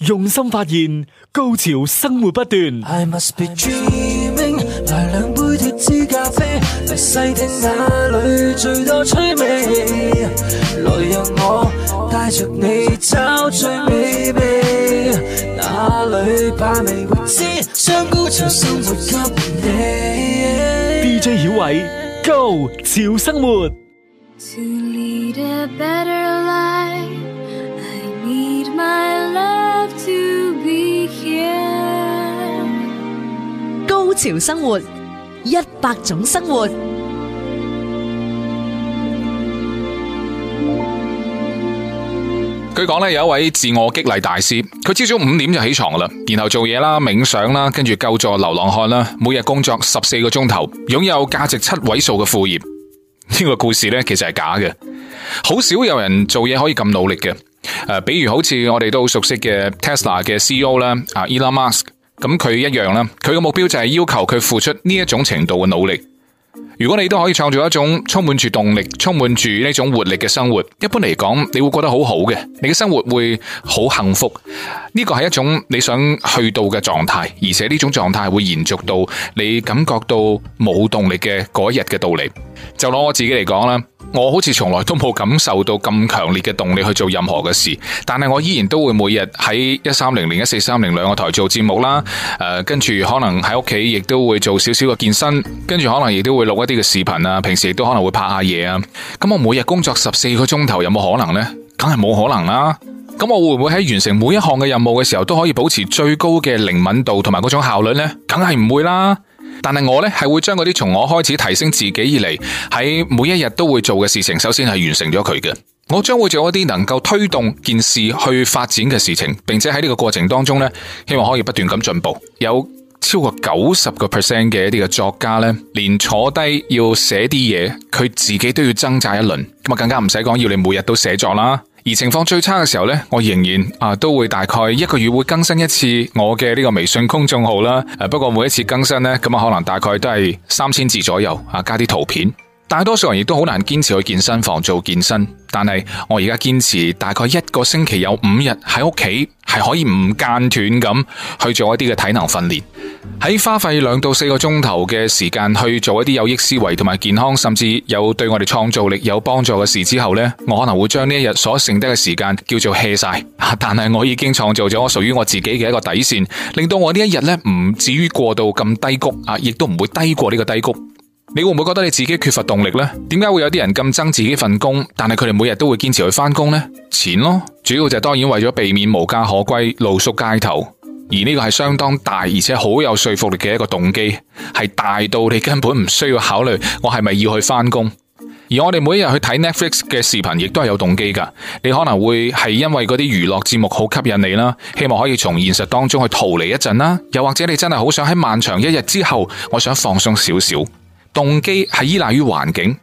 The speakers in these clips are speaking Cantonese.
用心發現高潮生活不斷。I must be dreaming，來兩杯脫脂咖啡，嚟細聽那裏最多趣味。來讓我帶着你找最美味，哪裏把味知？將高潮生活給你。 DJ 小偉，Go 潮生活。潮生活，一百種生活。據講呢，有一位自我激勵大師，佢朝早五點就起床啦，然後做嘢啦、冥想啦，跟住救助流浪漢啦，每日工作十四個鐘頭，擁有價值七位數嘅副業。呢個故事呢，其實係假嘅，好少有人做嘢可以咁努力嘅。誒，比如好似我哋都好熟悉嘅 Tesla 嘅 CEO 啦，啊，Elon Musk。咁佢一樣啦，佢個目標就係要求佢付出呢一種程度嘅努力。如果你都可以創造一種充滿住動力、充滿住呢種活力嘅生活，一般嚟講，你會覺得好好嘅，你嘅生活會好幸福。呢個係一種你想去到嘅狀態，而且呢種狀態會延續到你感覺到冇動力嘅嗰日嘅到嚟。就攞我自己嚟講啦。我好似從來都冇感受到咁強烈嘅動力去做任何嘅事，但係我依然都會每日喺一三零零、一四三零兩個台做節目啦。誒、呃，跟住可能喺屋企亦都會做少少嘅健身，跟住可能亦都會錄一啲嘅視頻啊。平時亦都可能會拍下嘢啊。咁我每日工作十四個鐘頭有冇可能呢？梗係冇可能啦，啊。咁我會唔會喺完成每一項嘅任務嘅時候都可以保持最高嘅靈敏度同埋嗰種效率呢？梗係唔會啦，啊。但係我咧係會將嗰啲從我開始提升自己以嚟，喺每一日都會做嘅事情，首先係完成咗佢嘅。我將會做一啲能夠推動件事去發展嘅事情，並且喺呢個過程當中咧，希望可以不斷咁進步。有超過九十個 percent 嘅一啲嘅作家咧，連坐低要寫啲嘢，佢自己都要掙扎一輪。咁啊，更加唔使講要你每日都寫作啦。而情況最差嘅時候呢，我仍然啊都會大概一個月會更新一次我嘅呢個微信公眾號啦。不過每一次更新呢，咁可能大概都係三千字左右啊，加啲圖片。大多數人亦都好難堅持去健身房做健身，但係我而家堅持大概一個星期有五日喺屋企係可以唔間斷咁去做一啲嘅體能訓練，喺花費兩到四個鐘頭嘅時間去做一啲有益思維同埋健康，甚至有對我哋創造力有幫助嘅事之後呢，我可能會將呢一日所剩得嘅時間叫做 hea 晒。但係我已經創造咗我屬於我自己嘅一個底線，令到我呢一日呢唔至於過到咁低谷啊，亦都唔會低過呢個低谷。你會唔會覺得你自己缺乏動力呢？點解會有啲人咁憎自己份工，但係佢哋每日都會堅持去翻工呢？錢咯，主要就當然為咗避免無家可歸、露宿街頭。而呢個係相當大而且好有說服力嘅一個動機，係大到你根本唔需要考慮我係咪要去翻工。而我哋每一日去睇 Netflix 嘅視頻，亦都係有動機噶。你可能會係因為嗰啲娛樂節目好吸引你啦，希望可以從現實當中去逃離一陣啦。又或者你真係好想喺漫長一日之後，我想放鬆少少。動機係依賴於環境，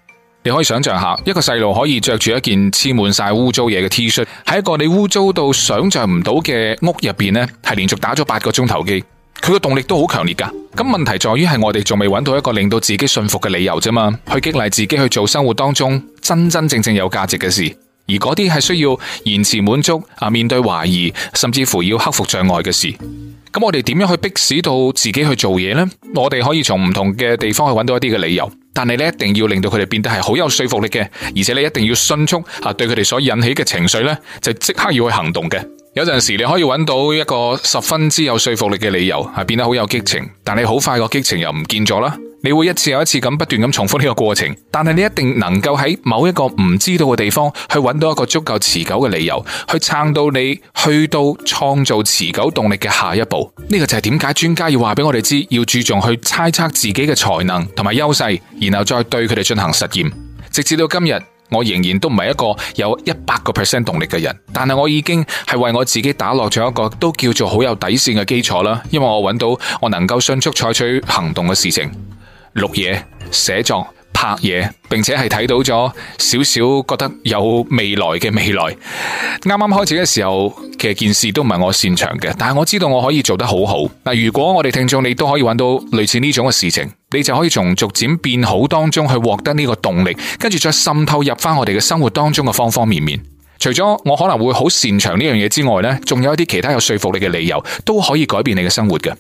你可以想象下一個細路可以着住一件黐滿晒污糟嘢嘅 T 恤，喺一個你污糟到想象唔到嘅屋入邊咧，係連續打咗八個鐘頭機，佢嘅動力都好強烈噶。咁問題在於係我哋仲未揾到一個令到自己信服嘅理由啫嘛，去激勵自己去做生活當中真真正正有價值嘅事。而嗰啲係需要延遲滿足啊，面對懷疑，甚至乎要克服障礙嘅事。咁我哋點樣去逼使到自己去做嘢咧？我哋可以從唔同嘅地方去揾到一啲嘅理由，但係咧一定要令到佢哋變得係好有說服力嘅，而且你一定要迅速啊，對佢哋所引起嘅情緒咧，就即刻要去行動嘅。有陣時你可以揾到一個十分之有說服力嘅理由，係變得好有激情，但係好快個激情又唔見咗啦。你會一次又一次咁不斷咁重複呢個過程，但係你一定能夠喺某一個唔知道嘅地方去揾到一個足夠持久嘅理由，去撐到你去到創造持久動力嘅下一步。呢個就係點解專家要話俾我哋知要注重去猜測自己嘅才能同埋優勢，然後再對佢哋進行實驗。直至到今日，我仍然都唔係一個有一百個 percent 動力嘅人，但係我已經係為我自己打落咗一個都叫做好有底線嘅基礎啦。因為我揾到我能夠迅速採取行動嘅事情。錄嘢、寫作、拍嘢，並且係睇到咗少少，覺得有未來嘅未來。啱啱開始嘅時候，其實件事都唔係我擅長嘅，但係我知道我可以做得好好。嗱，如果我哋聽眾你都可以揾到類似呢種嘅事情，你就可以從逐漸變好當中去獲得呢個動力，跟住再滲透入翻我哋嘅生活當中嘅方方面面。除咗我可能會好擅長呢樣嘢之外呢，仲有一啲其他有說服力嘅理由，都可以改變你嘅生活嘅。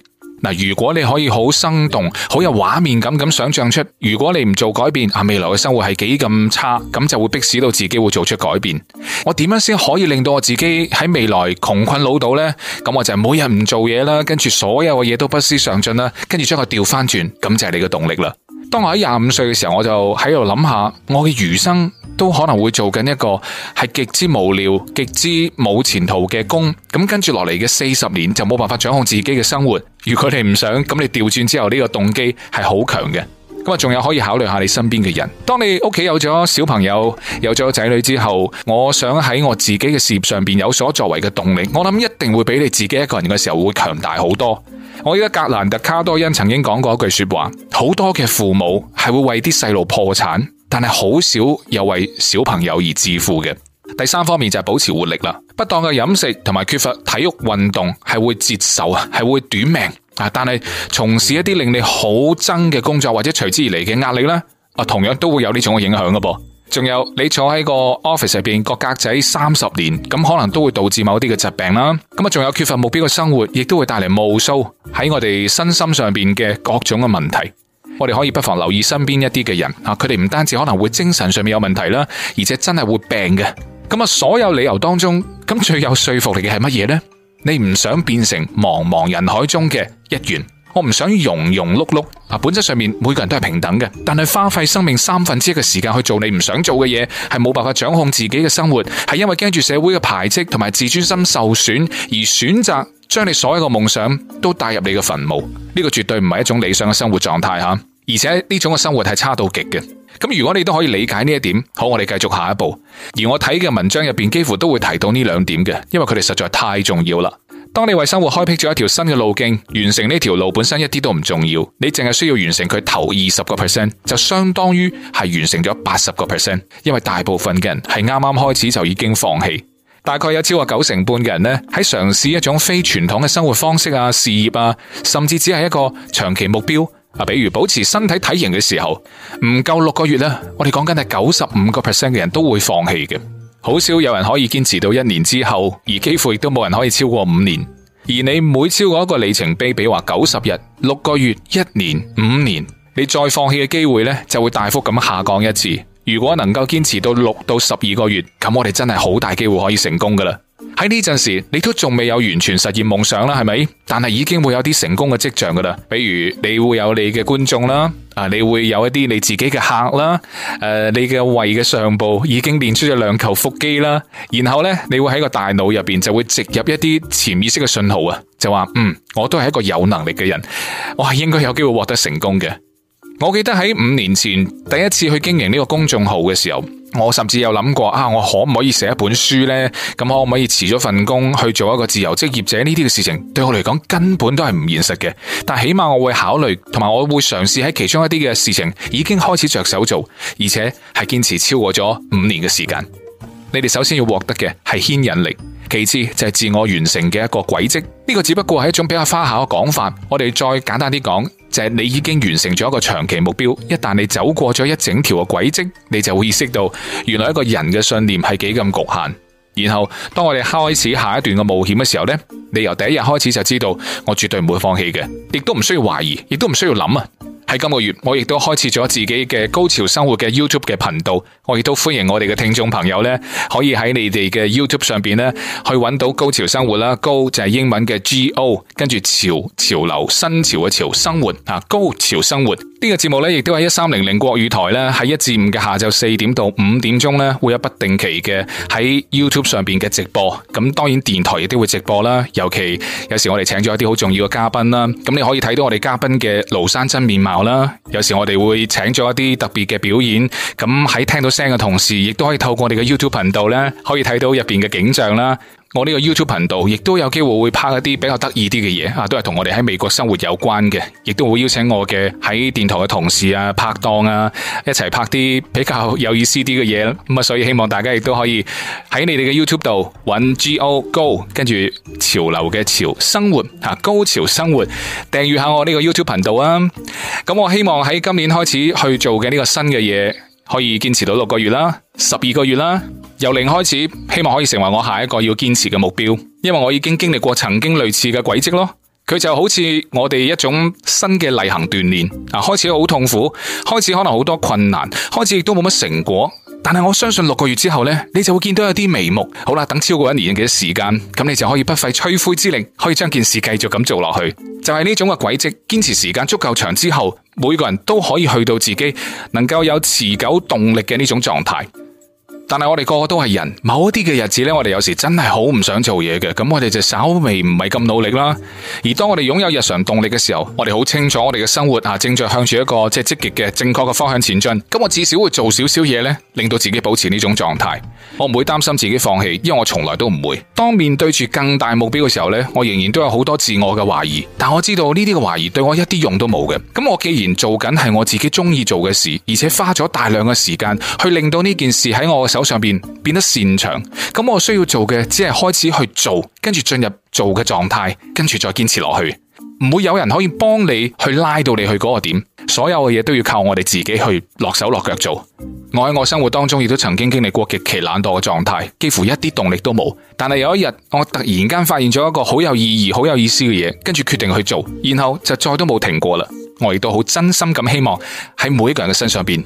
嗱，如果你可以好生動、好有畫面感咁想像出，如果你唔做改變，啊未來嘅生活係幾咁差，咁就會迫使到自己會做出改變。我點樣先可以令到我自己喺未來窮困老到呢？咁我就每日唔做嘢啦，跟住所有嘅嘢都不思上進啦，跟住將佢調翻轉，咁就係你嘅動力啦。當我喺廿五歲嘅時候，我就喺度諗下我嘅餘生。都可能會做緊一個係極之無聊、極之冇前途嘅工，咁跟住落嚟嘅四十年就冇辦法掌控自己嘅生活。如果你唔想，咁你調轉之後呢個動機係好強嘅。咁啊，仲有可以考慮下你身邊嘅人。當你屋企有咗小朋友、有咗仔女之後，我想喺我自己嘅事業上邊有所作為嘅動力，我諗一定會比你自己一個人嘅時候會強大好多。我記得格蘭特卡多恩曾經講過一句說話：好多嘅父母係會為啲細路破產。但係好少有為小朋友而致富嘅。第三方面就係保持活力啦。不當嘅飲食同埋缺乏體育運動係會折壽，啊，係會短命啊。但係從事一啲令你好憎嘅工作或者隨之而嚟嘅壓力咧，啊，同樣都會有呢種嘅影響噶噃。仲有你坐喺個 office 入面個格仔三十年，咁可能都會導致某啲嘅疾病啦。咁啊，仲有缺乏目標嘅生活，亦都會帶嚟無數喺我哋身心上面嘅各種嘅問題。我哋可以不妨留意身邊一啲嘅人，啊，佢哋唔單止可能會精神上面有問題啦，而且真係會病嘅。咁啊，所有理由當中，咁啊，最有說服力嘅係乜嘢咧？你唔想變成茫茫人海中嘅一員？我唔想庸庸碌碌啊！本質上面每個人都係平等嘅，但係花費生命三分之一嘅時間去做你唔想做嘅嘢，係冇辦法掌控自己嘅生活，係因為驚住社會嘅排斥同埋自尊心受損而選擇將你所有嘅夢想都帶入你嘅墳墓。呢個絕對唔係一種理想嘅生活狀態吓，而且呢種嘅生活係差到極嘅。咁如果你都可以理解呢一點，好，我哋繼續下一步。而我睇嘅文章入邊幾乎都會提到呢兩點嘅，因為佢哋實在太重要啦。當你為生活開辟咗一條新嘅路徑，完成呢條路本身一啲都唔重要，你淨係需要完成佢頭二十個 percent，就相當於係完成咗八十個 percent。因為大部分嘅人係啱啱開始就已經放棄，大概有超過九成半嘅人咧喺嘗試一種非傳統嘅生活方式啊、事業啊，甚至只係一個長期目標啊，比如保持身體體型嘅時候，唔夠六個月咧，我哋講緊係九十五個 percent 嘅人都會放棄嘅。好少有人可以堅持到一年之後，而幾乎亦都冇人可以超過五年。而你每超過一個里程碑，比如話九十日、六個月、一年、五年，你再放棄嘅機會呢，就會大幅咁下降一次。如果能夠堅持到六到十二個月，咁我哋真係好大機會可以成功㗎喇。喺呢陣時，你都仲未有完全實現夢想啦，係咪？但係已經會有啲成功嘅跡象㗎喇，比如你會有你嘅觀眾啦，啊，你會有一啲你自己嘅客啦，誒、呃，你嘅胃嘅上部已經練出咗兩嚿腹肌啦，然後咧，你會喺個大腦入邊就會植入一啲潛意識嘅信號啊，就話嗯，我都係一個有能力嘅人，我係應該有機會獲得成功嘅。我記得喺五年前第一次去經營呢個公眾號嘅時候。我甚至有諗過啊，我可唔可以寫一本書呢？咁可唔可以辭咗份工去做一個自由職業者？呢啲嘅事情對我嚟講根本都係唔現實嘅。但起碼我會考慮，同埋我會嘗試喺其中一啲嘅事情已經開始着手做，而且係堅持超過咗五年嘅時間。你哋首先要獲得嘅係牽引力，其次就係自我完成嘅一個軌跡。呢個只不過係一種比較花巧嘅講法。我哋再簡單啲講。就係你已經完成咗一個長期目標，一旦你走過咗一整條嘅軌跡，你就會意識到原來一個人嘅信念係幾咁局限。然後當我哋開始下一段嘅冒險嘅時候呢，你由第一日開始就知道，我絕對唔會放棄嘅，亦都唔需要懷疑，亦都唔需要諗啊。喺今個月，我亦都開始咗自己嘅高潮生活嘅 YouTube 嘅頻道。我亦都歡迎我哋嘅聽眾朋友呢，可以喺你哋嘅 YouTube 上面呢，去揾到高潮生活啦。高就係英文嘅 GO，跟住潮、潮流新潮嘅潮生活啊，高潮生活。呢個節目咧，亦都係一三零零國語台咧，喺一至五嘅下晝四點到五點鐘咧，會有不定期嘅喺 YouTube 上邊嘅直播。咁當然電台亦都會直播啦。尤其有時我哋請咗一啲好重要嘅嘉賓啦，咁你可以睇到我哋嘉賓嘅廬山真面貌啦。有時我哋會請咗一啲特別嘅表演，咁喺聽到聲嘅同時，亦都可以透過我哋嘅 YouTube 頻道咧，可以睇到入邊嘅景象啦。我呢個 YouTube 頻道亦都有機會會拍一啲比較得意啲嘅嘢啊，都係同我哋喺美國生活有關嘅，亦都會邀請我嘅喺電台嘅同事啊、拍檔啊一齊拍啲比較有意思啲嘅嘢咁啊，所以希望大家亦都可以喺你哋嘅 YouTube 度揾 Go Go，跟住潮流嘅潮生活吓、高潮生活，訂閱下我呢個 YouTube 頻道啊，咁、嗯、我希望喺今年開始去做嘅呢個新嘅嘢。可以堅持到六個月啦，十二個月啦，由零開始，希望可以成為我下一個要堅持嘅目標，因為我已經經歷過曾經類似嘅軌跡咯。佢就好似我哋一種新嘅例行鍛煉啊，開始好痛苦，開始可能好多困難，開始亦都冇乜成果。但係我相信六個月之後呢，你就會見到有啲眉目。好啦，等超過一年嘅時間，咁你就可以不費吹灰之力，可以將件事繼續咁做落去。就係呢種嘅軌跡，堅持時間足夠長之後，每個人都可以去到自己能夠有持久動力嘅呢種狀態。但係我哋個個都係人，某一啲嘅日子呢，我哋有時真係好唔想做嘢嘅，咁我哋就稍微唔係咁努力啦。而當我哋擁有日常動力嘅時候，我哋好清楚我哋嘅生活啊，正在向住一個即係積極嘅、正確嘅方向前進。咁我至少會做少少嘢呢，令到自己保持呢種狀態。我唔會擔心自己放棄，因為我從來都唔會。當面對住更大目標嘅時候呢，我仍然都有好多自我嘅懷疑。但我知道呢啲嘅懷疑對我一啲用都冇嘅。咁我既然做緊係我自己中意做嘅事，而且花咗大量嘅時間去令到呢件事喺我。手上邊變得擅長，咁我需要做嘅只係開始去做，跟住進入做嘅狀態，跟住再堅持落去。唔會有人可以幫你去拉到你去嗰個點，所有嘅嘢都要靠我哋自己去落手落腳做。我喺我生活當中亦都曾經經歷過極其懶惰嘅狀態，幾乎一啲動力都冇。但係有一日，我突然間發現咗一個好有意義、好有意思嘅嘢，跟住決定去做，然後就再都冇停過啦。我亦都好真心咁希望喺每一個人嘅身上邊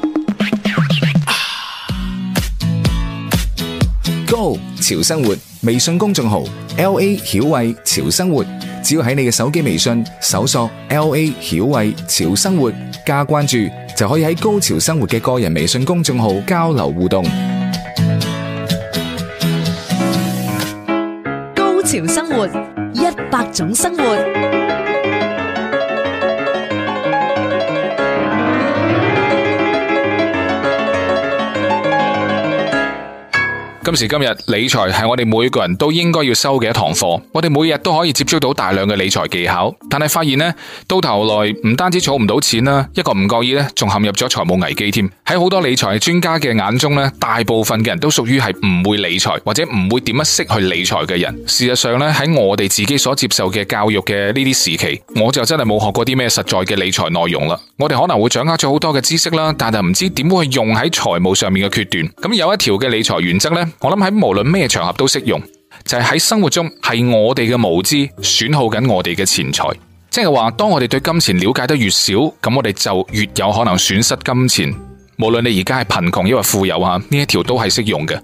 高潮生活微信公眾號 L A 曉慧潮生活，只要喺你嘅手機微信搜索 L A 曉慧潮生活加關注，就可以喺高潮生活嘅個人微信公眾號交流互動。高潮生活，一百種生活。今時今日，理財係我哋每個人都應該要修嘅一堂課。我哋每日都可以接觸到大量嘅理財技巧，但係發現呢，到頭來唔單止儲唔到錢啦，一個唔覺意呢，仲陷入咗財務危機添。喺好多理財專家嘅眼中呢，大部分嘅人都屬於係唔會理財或者唔會點樣識去理財嘅人。事實上呢，喺我哋自己所接受嘅教育嘅呢啲時期，我就真係冇學過啲咩實在嘅理財內容啦。我哋可能會掌握咗好多嘅知識啦，但係唔知點會用喺財務上面嘅決斷。咁有一條嘅理財原則呢。我諗喺無論咩場合都適用，就係喺生活中係我哋嘅無知損耗緊我哋嘅錢財，即係話當我哋對金錢了解得越少，咁我哋就越有可能損失金錢。無論你而家係貧窮抑或富有吓，呢一條都係適用嘅。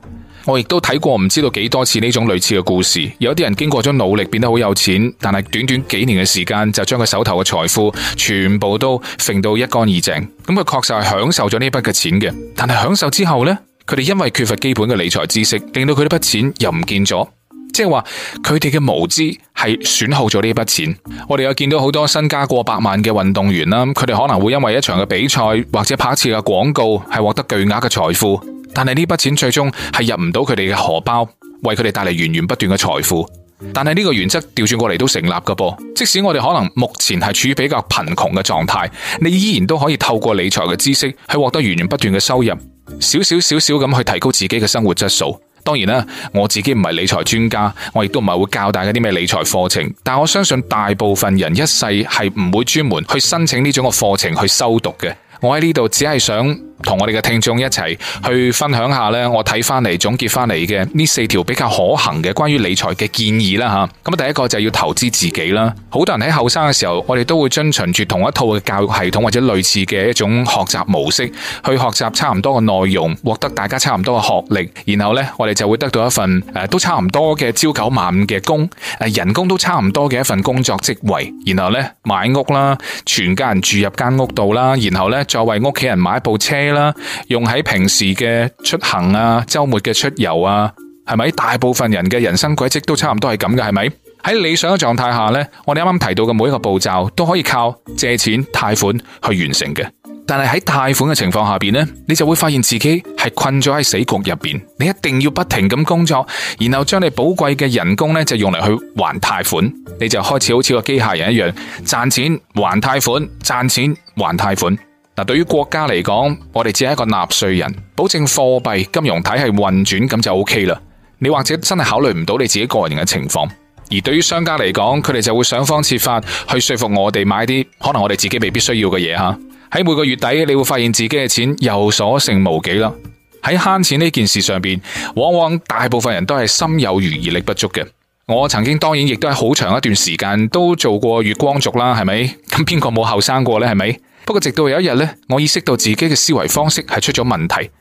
我亦都睇過唔知道幾多次呢種類似嘅故事，有啲人經過咗努力變得好有錢，但係短短幾年嘅時間就將佢手頭嘅財富全部都甩到一乾二淨。咁佢確實係享受咗呢筆嘅錢嘅，但係享受之後呢？佢哋因為缺乏基本嘅理財知識，令到佢呢筆錢又唔見咗，即係話佢哋嘅無知係損耗咗呢筆錢。我哋有見到好多身家過百萬嘅運動員啦，佢哋可能會因為一場嘅比賽或者拍一次嘅廣告係獲得巨額嘅財富，但係呢筆錢最終係入唔到佢哋嘅荷包，為佢哋帶嚟源源不斷嘅財富。但係呢個原則調轉過嚟都成立㗎噃，即使我哋可能目前係處於比較貧窮嘅狀態，你依然都可以透過理財嘅知識去獲得源源不斷嘅收入。少少少少咁去提高自己嘅生活質素。當然啦，我自己唔係理財專家，我亦都唔係會教大家啲咩理財課程。但我相信大部分人一世係唔會專門去申請呢種個課程去修讀嘅。我喺呢度只係想。同我哋嘅聽眾一齊去分享下呢，我睇翻嚟總結翻嚟嘅呢四條比較可行嘅關於理財嘅建議啦，吓。咁第一個就要投資自己啦。好多人喺後生嘅時候，我哋都會遵循住同一套嘅教育系統或者類似嘅一種學習模式去學習差唔多嘅內容，獲得大家差唔多嘅學歷，然後呢，我哋就會得到一份誒都差唔多嘅朝九晚五嘅工，誒，人工都差唔多嘅一份工作職位，然後呢，買屋啦，全家人住入間屋度啦，然後呢，再為屋企人買一部車。啦，用喺平時嘅出行啊，週末嘅出遊啊，係咪？大部分人嘅人生軌跡都差唔多係咁嘅，係咪？喺理想嘅狀態下呢，我哋啱啱提到嘅每一個步驟都可以靠借錢貸款去完成嘅。但係喺貸款嘅情況下邊呢，你就會發現自己係困咗喺死局入邊。你一定要不停咁工作，然後將你寶貴嘅人工呢就用嚟去還貸款，你就開始好似個機械人一樣，賺錢還貸款，賺錢還貸款。嗱，對於國家嚟講，我哋只係一個納稅人，保證貨幣、金融體系運轉咁就 OK 啦。你或者真係考慮唔到你自己個人嘅情況。而對於商家嚟講，佢哋就會想方設法去說服我哋買啲可能我哋自己未必需要嘅嘢吓。喺每個月底，你會發現自己嘅錢有所剩無幾啦。喺慳錢呢件事上邊，往往大部分人都係心有餘而力不足嘅。我曾經當然亦都係好長一段時間都做過月光族啦，係咪？咁邊個冇後生過呢，係咪？不過直到有一日咧，我意識到自己嘅思維方式係出咗問題。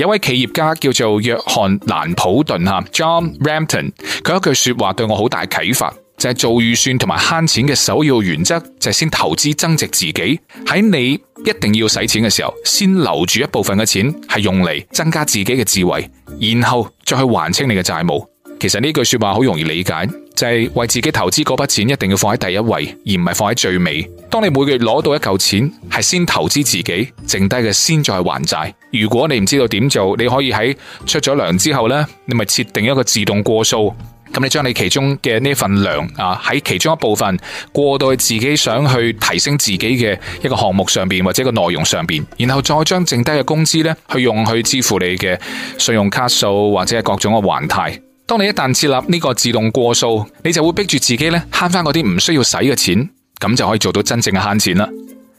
有位企業家叫做約翰蘭普頓，John Rampton，佢一句說話對我好大啟發，就係、是、做預算同埋慳錢嘅首要原則就係先投資增值自己。喺你一定要使錢嘅時候，先留住一部分嘅錢係用嚟增加自己嘅智慧，然後再去還清你嘅債務。其實呢句說話好容易理解，就係、是、為自己投資嗰筆錢一定要放喺第一位，而唔係放喺最尾。當你每月攞到一嚿錢，係先投資自己，剩低嘅先再還債。如果你唔知道點做，你可以喺出咗糧之後呢，你咪設定一個自動過數，咁你將你其中嘅呢份糧啊，喺其中一部分過到去自己想去提升自己嘅一個項目上面，或者個內容上面，然後再將剩低嘅工資呢，去用去支付你嘅信用卡數或者各種嘅還貸。當你一旦設立呢個自動過數，你就會逼住自己咧慳翻嗰啲唔需要使嘅錢，咁就可以做到真正嘅慳錢啦。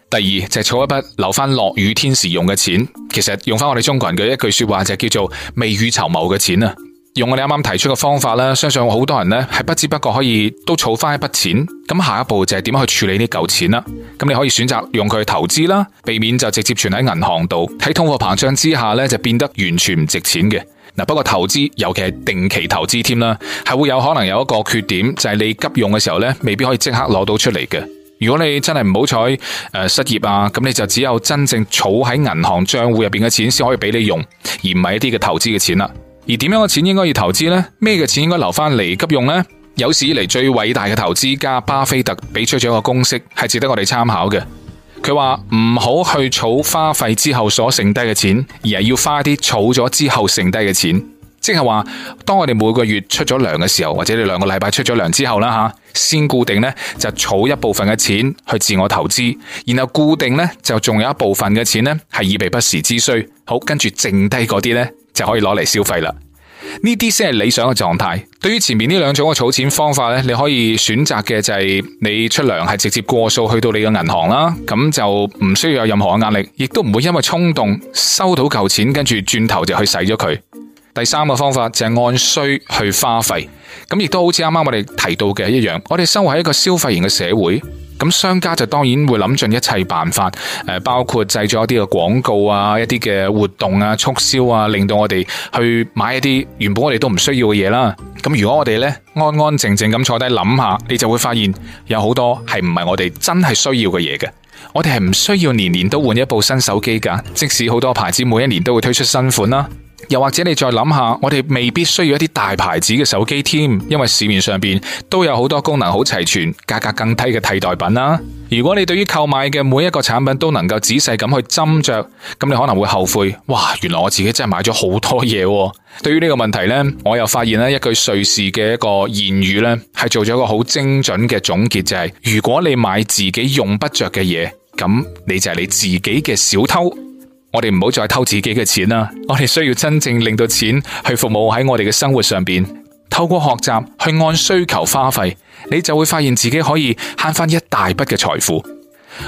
第二就儲、係、一筆留翻落雨天時用嘅錢，其實用翻我哋中國人嘅一句說話就是、叫做未雨綢繆嘅錢啊。用我哋啱啱提出嘅方法啦，相信好多人咧係不知不覺可以都儲翻一筆錢。咁下一步就係點樣去處理呢嚿錢啦？咁你可以選擇用佢去投資啦，避免就直接存喺銀行度，喺通貨膨脹之下呢就變得完全唔值錢嘅。嗱，不過投資尤其係定期投資添啦，係會有可能有一個缺點，就係你急用嘅時候咧，未必可以即刻攞到出嚟嘅。如果你真係唔好彩誒失業啊，咁你就只有真正儲喺銀行賬戶入邊嘅錢先可以俾你用，而唔係一啲嘅投資嘅錢啦。而點樣嘅錢應該要投資呢？咩嘅錢應該留翻嚟急用呢？有史以嚟最偉大嘅投資家巴菲特俾出咗一個公式，係值得我哋參考嘅。佢話，唔好去儲花費之後所剩低嘅錢，而係要花啲儲咗之後剩低嘅錢，即係話當我哋每個月出咗糧嘅時候，或者你兩個禮拜出咗糧之後啦吓，先固定咧就儲一部分嘅錢去自我投資，然後固定咧就仲有一部分嘅錢咧係以備不時之需，好，跟住剩低嗰啲咧就可以攞嚟消費啦。呢啲先係理想嘅狀態。對於前面呢兩種嘅儲錢方法咧，你可以選擇嘅就係你出糧係直接過數去到你嘅銀行啦，咁就唔需要有任何嘅壓力，亦都唔會因為衝動收到嚿錢，跟住轉頭就去使咗佢。第三個方法就係按需去花費，咁亦都好似啱啱我哋提到嘅一樣，我哋生活喺一個消費型嘅社會，咁商家就當然會諗盡一切辦法，誒，包括製作一啲嘅廣告啊，一啲嘅活動啊，促銷啊，令到我哋去買一啲原本我哋都唔需要嘅嘢啦。咁如果我哋呢安安靜靜咁坐低諗下想想，你就會發現有好多係唔係我哋真係需要嘅嘢嘅，我哋係唔需要年年都換一部新手機噶，即使好多牌子每一年都會推出新款啦。又或者你再諗下，我哋未必需要一啲大牌子嘅手機添，因為市面上邊都有好多功能好齊全、價格更低嘅替代品啦。如果你對於購買嘅每一個產品都能夠仔細咁去斟酌，咁你可能會後悔。哇，原來我自己真係買咗好多嘢。對於呢個問題呢，我又發現咗一句瑞士嘅一個諺語呢，係做咗個好精準嘅總結，就係：如果你買自己用不着嘅嘢，咁你就係你自己嘅小偷。我哋唔好再偷自己嘅錢啦。我哋需要真正令到錢去服務喺我哋嘅生活上邊。透過學習去按需求花費，你就會發現自己可以慳翻一大筆嘅財富。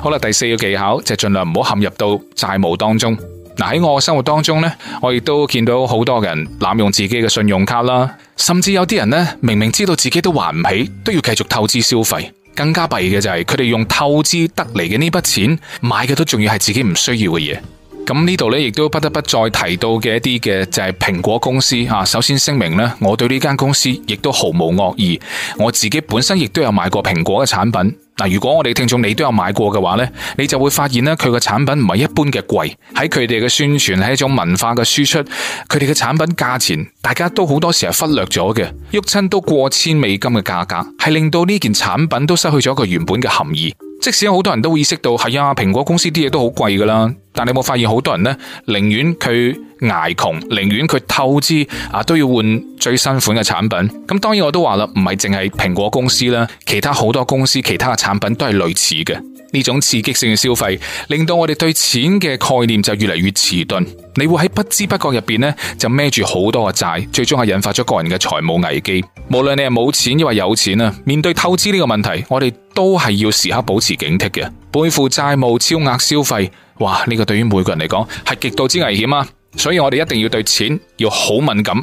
好啦，第四個技巧就，盡量唔好陷入到債務當中。嗱，喺我生活當中咧，我亦都見到好多人濫用自己嘅信用卡啦，甚至有啲人咧，明明知道自己都還唔起，都要繼續透支消費。更加弊嘅就係佢哋用透支得嚟嘅呢筆錢買嘅都仲要係自己唔需要嘅嘢。咁呢度咧，亦都不得不再提到嘅一啲嘅就係蘋果公司啊。首先聲明呢，我對呢間公司亦都毫無惡意。我自己本身亦都有買過蘋果嘅產品。嗱，如果我哋聽眾你都有買過嘅話呢，你就會發現呢，佢嘅產品唔係一般嘅貴。喺佢哋嘅宣傳係一種文化嘅輸出，佢哋嘅產品價錢大家都好多時係忽略咗嘅，喐親都過千美金嘅價格，係令到呢件產品都失去咗一個原本嘅含義。即使好多人都意識到係啊，蘋果公司啲嘢都好貴㗎啦，但你有冇發現好多人呢，寧願佢捱窮，寧願佢透支啊都要換最新款嘅產品。咁當然我都話啦，唔係淨係蘋果公司啦，其他好多公司其他嘅產品都係類似嘅。呢種刺激性嘅消費，令到我哋對錢嘅概念就越嚟越遲鈍。你會喺不知不覺入邊咧，就孭住好多嘅債，最終係引發咗個人嘅財務危機。無論你係冇錢亦或有錢，面對透支呢個問題，我哋都係要時刻保持警惕嘅。背負債務、超額消費，哇！呢、這個對於每個人嚟講係極度之危險啊！所以我哋一定要對錢要好敏感，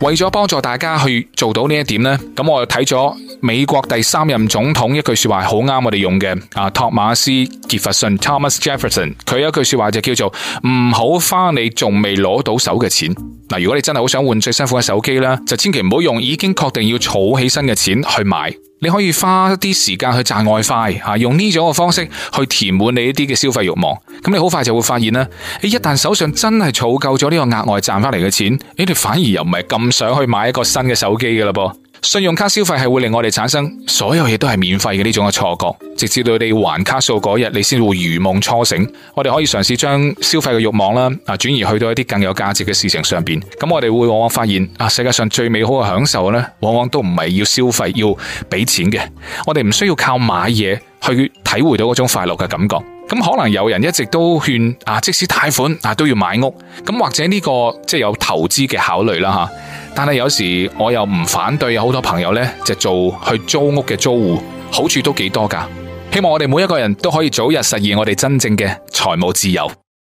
為咗幫助大家去做到呢一點呢，咁我又睇咗美國第三任總統一句說話好啱我哋用嘅。啊托馬斯傑弗遜 Thomas Jefferson，佢有一句說話就叫做唔好花你仲未攞到手嘅錢。嗱，如果你真係好想換最新款嘅手機咧，就千祈唔好用已經確定要儲起身嘅錢去買。你可以花一啲時間去賺外快，用呢種嘅方式去填滿你一啲嘅消費慾望。咁你好快就會發現啦，一旦手上真係儲夠咗呢個額外賺翻嚟嘅錢，你哋反而又唔係咁想去買一個新嘅手機嘅嘞噃。信用卡消費係會令我哋產生所有嘢都係免費嘅呢種嘅錯覺，直至到你還卡數嗰日，你先會如夢初醒。我哋可以嘗試將消費嘅慾望啦啊，轉移去到一啲更有價值嘅事情上邊。咁我哋會往往發現啊，世界上最美好嘅享受呢，往往都唔係要消費要俾錢嘅。我哋唔需要靠買嘢去體會到嗰種快樂嘅感覺。咁可能有人一直都勸啊，即使貸款啊都要買屋，咁或者呢個即係有投資嘅考慮啦吓。但係有時我又唔反對，有好多朋友呢，就做去租屋嘅租戶，好處都幾多㗎。希望我哋每一個人都可以早日實現我哋真正嘅財務自由。